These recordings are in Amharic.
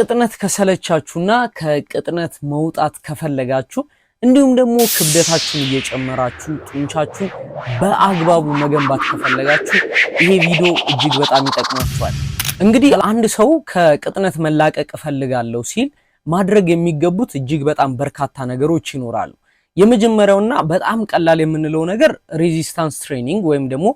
ቅጥነት ከሰለቻችሁና ከቅጥነት መውጣት ከፈለጋችሁ እንዲሁም ደግሞ ክብደታችሁን እየጨመራችሁ ጡንቻችሁን በአግባቡ መገንባት ከፈለጋችሁ ይሄ ቪዲዮ እጅግ በጣም ይጠቅማችኋል። እንግዲህ አንድ ሰው ከቅጥነት መላቀቅ እፈልጋለሁ ሲል ማድረግ የሚገቡት እጅግ በጣም በርካታ ነገሮች ይኖራሉ። የመጀመሪያውና በጣም ቀላል የምንለው ነገር ሬዚስታንስ ትሬኒንግ ወይም ደግሞ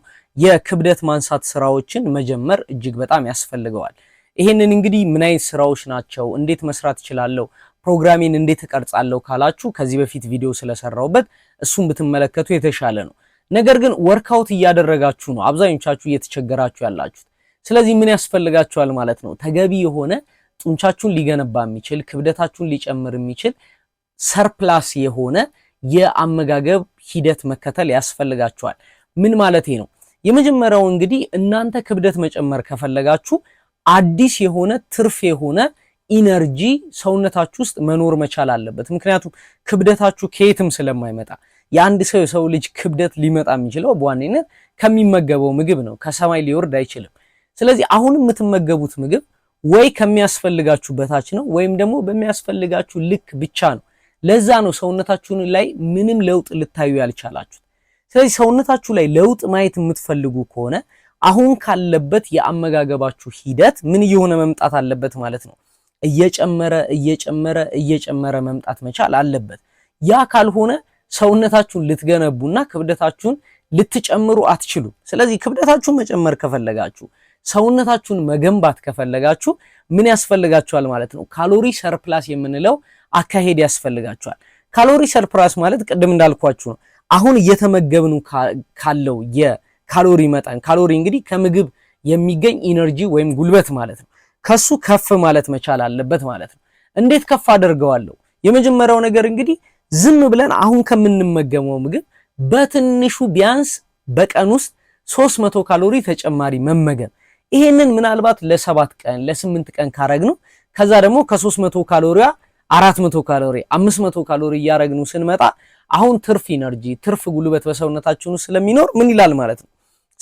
የክብደት ማንሳት ስራዎችን መጀመር እጅግ በጣም ያስፈልገዋል። ይሄንን እንግዲህ ምን አይነት ስራዎች ናቸው፣ እንዴት መስራት እችላለሁ፣ ፕሮግራሜን እንዴት እቀርጻለሁ ካላችሁ ከዚህ በፊት ቪዲዮ ስለሰራውበት እሱን ብትመለከቱ የተሻለ ነው። ነገር ግን ወርክአውት እያደረጋችሁ ነው አብዛኞቻችሁ እየተቸገራችሁ ያላችሁት። ስለዚህ ምን ያስፈልጋችኋል ማለት ነው? ተገቢ የሆነ ጡንቻችሁን ሊገነባ የሚችል ክብደታችሁን ሊጨምር የሚችል ሰርፕላስ የሆነ የአመጋገብ ሂደት መከተል ያስፈልጋችኋል። ምን ማለቴ ነው? የመጀመሪያው እንግዲህ እናንተ ክብደት መጨመር ከፈለጋችሁ አዲስ የሆነ ትርፍ የሆነ ኢነርጂ ሰውነታችሁ ውስጥ መኖር መቻል አለበት። ምክንያቱም ክብደታችሁ ከየትም ስለማይመጣ የአንድ ሰው የሰው ልጅ ክብደት ሊመጣ የሚችለው በዋነኝነት ከሚመገበው ምግብ ነው። ከሰማይ ሊወርድ አይችልም። ስለዚህ አሁን የምትመገቡት ምግብ ወይ ከሚያስፈልጋችሁ በታች ነው ወይም ደግሞ በሚያስፈልጋችሁ ልክ ብቻ ነው። ለዛ ነው ሰውነታችሁን ላይ ምንም ለውጥ ልታዩ ያልቻላችሁ ስለዚህ ሰውነታችሁ ላይ ለውጥ ማየት የምትፈልጉ ከሆነ አሁን ካለበት የአመጋገባችሁ ሂደት ምን እየሆነ መምጣት አለበት ማለት ነው። እየጨመረ እየጨመረ እየጨመረ መምጣት መቻል አለበት። ያ ካልሆነ ሰውነታችሁን ልትገነቡና ክብደታችሁን ልትጨምሩ አትችሉም። ስለዚህ ክብደታችሁን መጨመር ከፈለጋችሁ ሰውነታችሁን መገንባት ከፈለጋችሁ ምን ያስፈልጋችኋል ማለት ነው? ካሎሪ ሰርፕላስ የምንለው አካሄድ ያስፈልጋችኋል። ካሎሪ ሰርፕላስ ማለት ቅድም እንዳልኳችሁ ነው። አሁን እየተመገብኑ ካለው ካሎሪ መጠን ካሎሪ እንግዲህ ከምግብ የሚገኝ ኢነርጂ ወይም ጉልበት ማለት ነው። ከሱ ከፍ ማለት መቻል አለበት ማለት ነው። እንዴት ከፍ አደርገዋለሁ? የመጀመሪያው ነገር እንግዲህ ዝም ብለን አሁን ከምንመገመው ምግብ በትንሹ ቢያንስ በቀን ውስጥ 300 ካሎሪ ተጨማሪ መመገብ። ይሄንን ምናልባት ለሰባት ቀን ለስምንት ቀን ካረግነው ከዛ ደግሞ ከ300 ካሎሪያ 400 ካሎሪ 500 ካሎሪ እያረግኑ ስንመጣ አሁን ትርፍ ኢነርጂ ትርፍ ጉልበት በሰውነታችን ውስጥ ስለሚኖር ምን ይላል ማለት ነው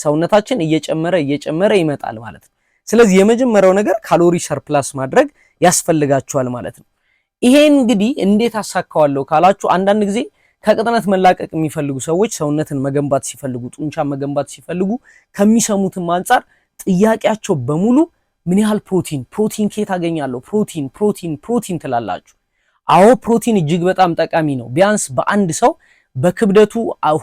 ሰውነታችን እየጨመረ እየጨመረ ይመጣል ማለት ነው። ስለዚህ የመጀመሪያው ነገር ካሎሪ ሰርፕላስ ማድረግ ያስፈልጋቸዋል ማለት ነው። ይሄ እንግዲህ እንዴት አሳካዋለሁ ካላችሁ አንዳንድ ጊዜ ከቅጥነት መላቀቅ የሚፈልጉ ሰዎች ሰውነትን መገንባት ሲፈልጉ፣ ጡንቻ መገንባት ሲፈልጉ ከሚሰሙትም አንጻር ጥያቄያቸው በሙሉ ምን ያህል ፕሮቲን ፕሮቲን ከየት አገኛለሁ? ፕሮቲን ፕሮቲን ፕሮቲን ትላላችሁ። አዎ ፕሮቲን እጅግ በጣም ጠቃሚ ነው። ቢያንስ በአንድ ሰው በክብደቱ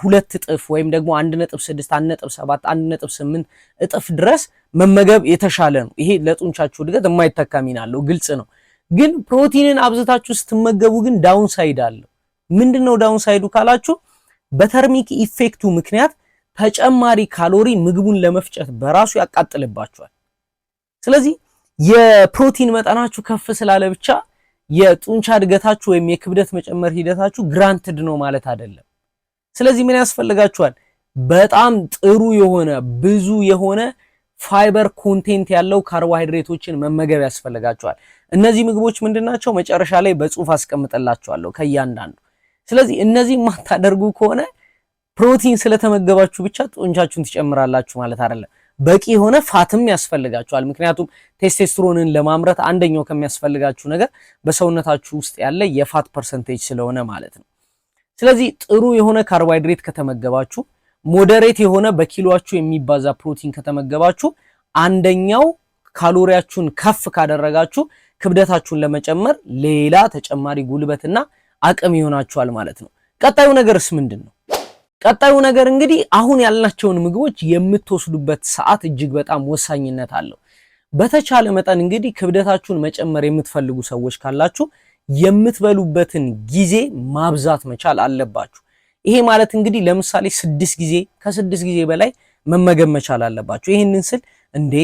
ሁለት እጥፍ ወይም ደግሞ 1.6 1.7 1.8 እጥፍ ድረስ መመገብ የተሻለ ነው። ይሄ ለጡንቻችሁ እድገት የማይተካ ሚና አለው፣ ግልጽ ነው። ግን ፕሮቲንን አብዝታችሁ ስትመገቡ ግን ዳውን ሳይድ አለው። ምንድነው ዳውን ሳይዱ ካላችሁ በተርሚክ ኢፌክቱ ምክንያት ተጨማሪ ካሎሪ ምግቡን ለመፍጨት በራሱ ያቃጥልባችኋል። ስለዚህ የፕሮቲን መጠናችሁ ከፍ ስላለ ብቻ የጡንቻ እድገታችሁ ወይም የክብደት መጨመር ሂደታችሁ ግራንትድ ነው ማለት አይደለም። ስለዚህ ምን ያስፈልጋችኋል? በጣም ጥሩ የሆነ ብዙ የሆነ ፋይበር ኮንቴንት ያለው ካርቦሃይድሬቶችን መመገብ ያስፈልጋችኋል። እነዚህ ምግቦች ምንድናቸው? መጨረሻ ላይ በጽሁፍ አስቀምጠላቸዋለሁ ከእያንዳንዱ። ስለዚህ እነዚህ የማታደርጉ ከሆነ ፕሮቲን ስለተመገባችሁ ብቻ ጡንቻችሁን ትጨምራላችሁ ማለት አይደለም። በቂ የሆነ ፋትም ያስፈልጋችኋል። ምክንያቱም ቴስቴስትሮንን ለማምረት አንደኛው ከሚያስፈልጋችሁ ነገር በሰውነታችሁ ውስጥ ያለ የፋት ፐርሰንቴጅ ስለሆነ ማለት ነው። ስለዚህ ጥሩ የሆነ ካርቦሃይድሬት ከተመገባችሁ፣ ሞዴሬት የሆነ በኪሎችሁ የሚባዛ ፕሮቲን ከተመገባችሁ፣ አንደኛው ካሎሪያችሁን ከፍ ካደረጋችሁ ክብደታችሁን ለመጨመር ሌላ ተጨማሪ ጉልበትና አቅም ይሆናችኋል ማለት ነው። ቀጣዩ ነገርስ ምንድን ነው? ቀጣዩ ነገር እንግዲህ አሁን ያልናቸውን ምግቦች የምትወስዱበት ሰዓት እጅግ በጣም ወሳኝነት አለው። በተቻለ መጠን እንግዲህ ክብደታችሁን መጨመር የምትፈልጉ ሰዎች ካላችሁ የምትበሉበትን ጊዜ ማብዛት መቻል አለባችሁ። ይሄ ማለት እንግዲህ ለምሳሌ ስድስት ጊዜ ከስድስት ጊዜ በላይ መመገብ መቻል አለባችሁ። ይህንን ስል እንዴ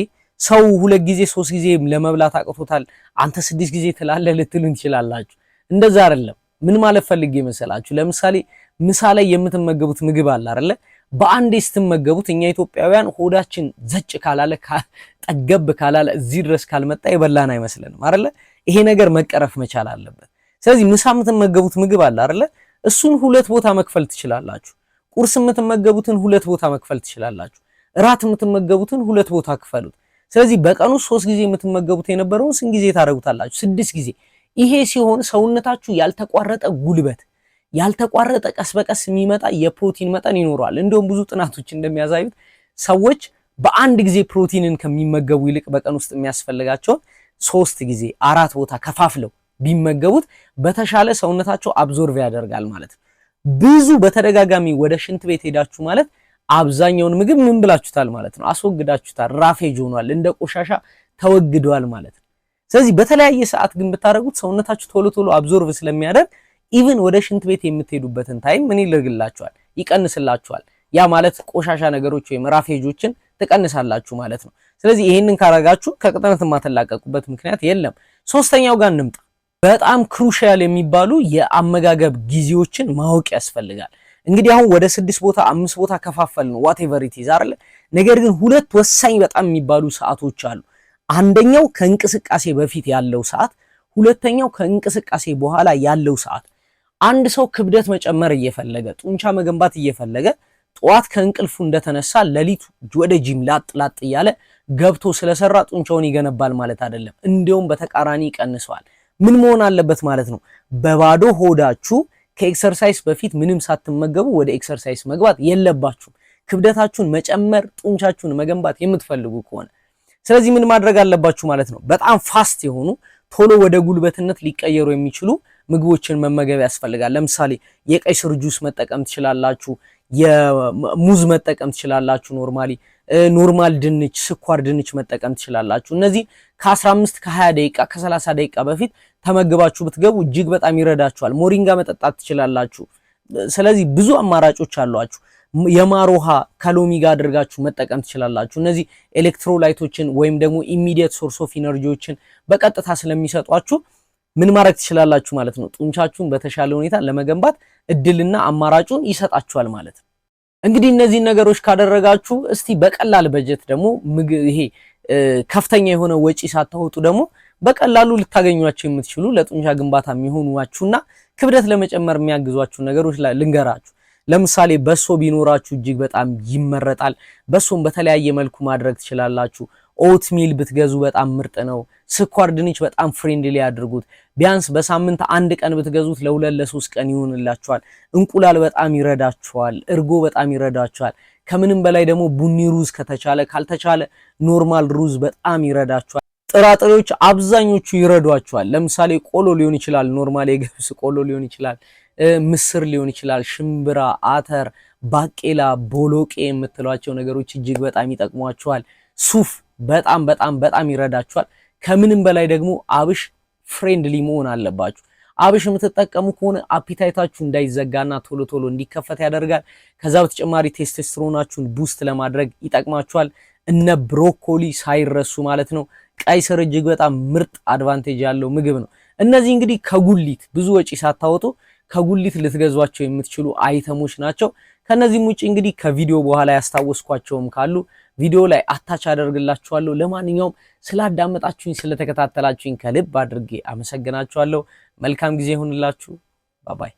ሰው ሁለት ጊዜ ሶስት ጊዜ ለመብላት አቅቶታል አንተ ስድስት ጊዜ ትላለህ ልትሉን ትችላላችሁ። እንደዛ አይደለም። ምን ማለት ፈልጌ መሰላችሁ ለምሳሌ ምሳ ላይ የምትመገቡት ምግብ አለ አይደለ? በአንዴ ስትመገቡት እኛ ኢትዮጵያውያን ሆዳችን ዘጭ ካላለ ጠገብ ካላለ እዚህ ድረስ ካልመጣ የበላን አይመስልንም አይደለ? ይሄ ነገር መቀረፍ መቻል አለበት። ስለዚህ ምሳ የምትመገቡት ምግብ አለ አይደለ? እሱን ሁለት ቦታ መክፈል ትችላላችሁ። ቁርስ የምትመገቡትን ሁለት ቦታ መክፈል ትችላላችሁ። እራት የምትመገቡትን ሁለት ቦታ ክፈሉት። ስለዚህ በቀኑ ሶስት ጊዜ የምትመገቡት የነበረውን ስንት ጊዜ ታደርጉታላችሁ? ስድስት ጊዜ። ይሄ ሲሆን ሰውነታችሁ ያልተቋረጠ ጉልበት ያልተቋረጠ ቀስ በቀስ የሚመጣ የፕሮቲን መጠን ይኖረዋል። እንደውም ብዙ ጥናቶች እንደሚያሳዩት ሰዎች በአንድ ጊዜ ፕሮቲንን ከሚመገቡ ይልቅ በቀን ውስጥ የሚያስፈልጋቸውን ሶስት ጊዜ አራት ቦታ ከፋፍለው ቢመገቡት በተሻለ ሰውነታቸው አብዞርቭ ያደርጋል ማለት ነው። ብዙ በተደጋጋሚ ወደ ሽንት ቤት ሄዳችሁ ማለት አብዛኛውን ምግብ ምን ብላችሁታል ማለት ነው፣ አስወግዳችሁታል። ራፌጅ ሆኗል፣ እንደ ቆሻሻ ተወግዷል ማለት ነው። ስለዚህ በተለያየ ሰዓት ግን ብታደርጉት ሰውነታችሁ ቶሎ ቶሎ አብዞርቭ ስለሚያደርግ ኢቭን ወደ ሽንት ቤት የምትሄዱበትን ታይም ምን ይልግላችኋል? ይቀንስላችኋል። ያ ማለት ቆሻሻ ነገሮች ወይም ራፌጆችን ትቀንሳላችሁ ማለት ነው። ስለዚህ ይሄንን ካረጋችሁ ከቅጥነት የማትላቀቁበት ምክንያት የለም። ሶስተኛው ጋር እንምጣ። በጣም ክሩሻል የሚባሉ የአመጋገብ ጊዜዎችን ማወቅ ያስፈልጋል። እንግዲህ አሁን ወደ ስድስት ቦታ አምስት ቦታ ከፋፈል ነው ዋቴቨር ኢቲዝ አይደለ። ነገር ግን ሁለት ወሳኝ በጣም የሚባሉ ሰዓቶች አሉ። አንደኛው ከእንቅስቃሴ በፊት ያለው ሰዓት፣ ሁለተኛው ከእንቅስቃሴ በኋላ ያለው ሰዓት አንድ ሰው ክብደት መጨመር እየፈለገ ጡንቻ መገንባት እየፈለገ ጠዋት ከእንቅልፉ እንደተነሳ ሌሊት ወደ ጂም ላጥ ላጥ እያለ ገብቶ ስለሰራ ጡንቻውን ይገነባል ማለት አይደለም። እንዲሁም በተቃራኒ ይቀንሰዋል። ምን መሆን አለበት ማለት ነው? በባዶ ሆዳችሁ ከኤክሰርሳይስ በፊት ምንም ሳትመገቡ ወደ ኤክሰርሳይስ መግባት የለባችሁም። ክብደታችሁን መጨመር፣ ጡንቻችሁን መገንባት የምትፈልጉ ከሆነ ስለዚህ ምን ማድረግ አለባችሁ ማለት ነው? በጣም ፋስት የሆኑ ቶሎ ወደ ጉልበትነት ሊቀየሩ የሚችሉ ምግቦችን መመገብ ያስፈልጋል። ለምሳሌ የቀይ ስር ጁስ መጠቀም ትችላላችሁ። የሙዝ መጠቀም ትችላላችሁ። ኖርማሊ ኖርማል ድንች፣ ስኳር ድንች መጠቀም ትችላላችሁ። እነዚህ ከ15 ከ20 ደቂቃ ከ30 ደቂቃ በፊት ተመግባችሁ ብትገቡ እጅግ በጣም ይረዳችኋል። ሞሪንጋ መጠጣት ትችላላችሁ። ስለዚህ ብዙ አማራጮች አሏችሁ። የማር ውሃ ከሎሚ ጋር አድርጋችሁ መጠቀም ትችላላችሁ። እነዚህ ኤሌክትሮላይቶችን ወይም ደግሞ ኢሚዲየት ሶርስ ኦፍ ኢነርጂዎችን በቀጥታ ስለሚሰጧችሁ ምን ማድረግ ትችላላችሁ ማለት ነው። ጡንቻችሁን በተሻለ ሁኔታ ለመገንባት እድልና አማራጩን ይሰጣችኋል ማለት ነው። እንግዲህ እነዚህን ነገሮች ካደረጋችሁ እስቲ በቀላል በጀት ደግሞ ይሄ ከፍተኛ የሆነ ወጪ ሳታወጡ ደግሞ በቀላሉ ልታገኟቸው የምትችሉ ለጡንቻ ግንባታ የሚሆኑዋችሁና ክብደት ለመጨመር የሚያግዟችሁ ነገሮች ልንገራችሁ። ለምሳሌ በሶ ቢኖራችሁ እጅግ በጣም ይመረጣል። በሶን በተለያየ መልኩ ማድረግ ትችላላችሁ። ኦት ሚል ብትገዙ በጣም ምርጥ ነው። ስኳር ድንች በጣም ፍሬንድሊ ያድርጉት። ቢያንስ በሳምንት አንድ ቀን ብትገዙት ለሁለት ለሶስት ቀን ይሆንላችኋል። እንቁላል በጣም ይረዳችኋል። እርጎ በጣም ይረዳችኋል። ከምንም በላይ ደግሞ ቡኒ ሩዝ ከተቻለ፣ ካልተቻለ ኖርማል ሩዝ በጣም ይረዳችኋል። ጥራጥሬዎች አብዛኞቹ ይረዷችኋል። ለምሳሌ ቆሎ ሊሆን ይችላል፣ ኖርማል የገብስ ቆሎ ሊሆን ይችላል፣ ምስር ሊሆን ይችላል፣ ሽምብራ፣ አተር፣ ባቄላ፣ ቦሎቄ የምትሏቸው ነገሮች እጅግ በጣም ይጠቅሟችኋል። ሱፍ በጣም በጣም በጣም ይረዳችኋል። ከምንም በላይ ደግሞ አብሽ ፍሬንድሊ መሆን አለባችሁ። አብሽ የምትጠቀሙ ከሆነ አፒታይታችሁ እንዳይዘጋና ቶሎ ቶሎ እንዲከፈት ያደርጋል። ከዛ በተጨማሪ ቴስቶስትሮናችሁን ቡስት ለማድረግ ይጠቅማችኋል። እነ ብሮኮሊ ሳይረሱ ማለት ነው። ቀይ ስር እጅግ በጣም ምርጥ አድቫንቴጅ ያለው ምግብ ነው። እነዚህ እንግዲህ ከጉሊት ብዙ ወጪ ሳታወጡ ከጉሊት ልትገዟቸው የምትችሉ አይተሞች ናቸው። ከነዚህም ውጭ እንግዲህ ከቪዲዮ በኋላ ያስታወስኳቸውም ካሉ ቪዲዮ ላይ አታች አደርግላችኋለሁ። ለማንኛውም ስላዳመጣችሁኝ፣ ስለተከታተላችሁኝ ከልብ አድርጌ አመሰግናችኋለሁ። መልካም ጊዜ ይሁንላችሁ። ባባይ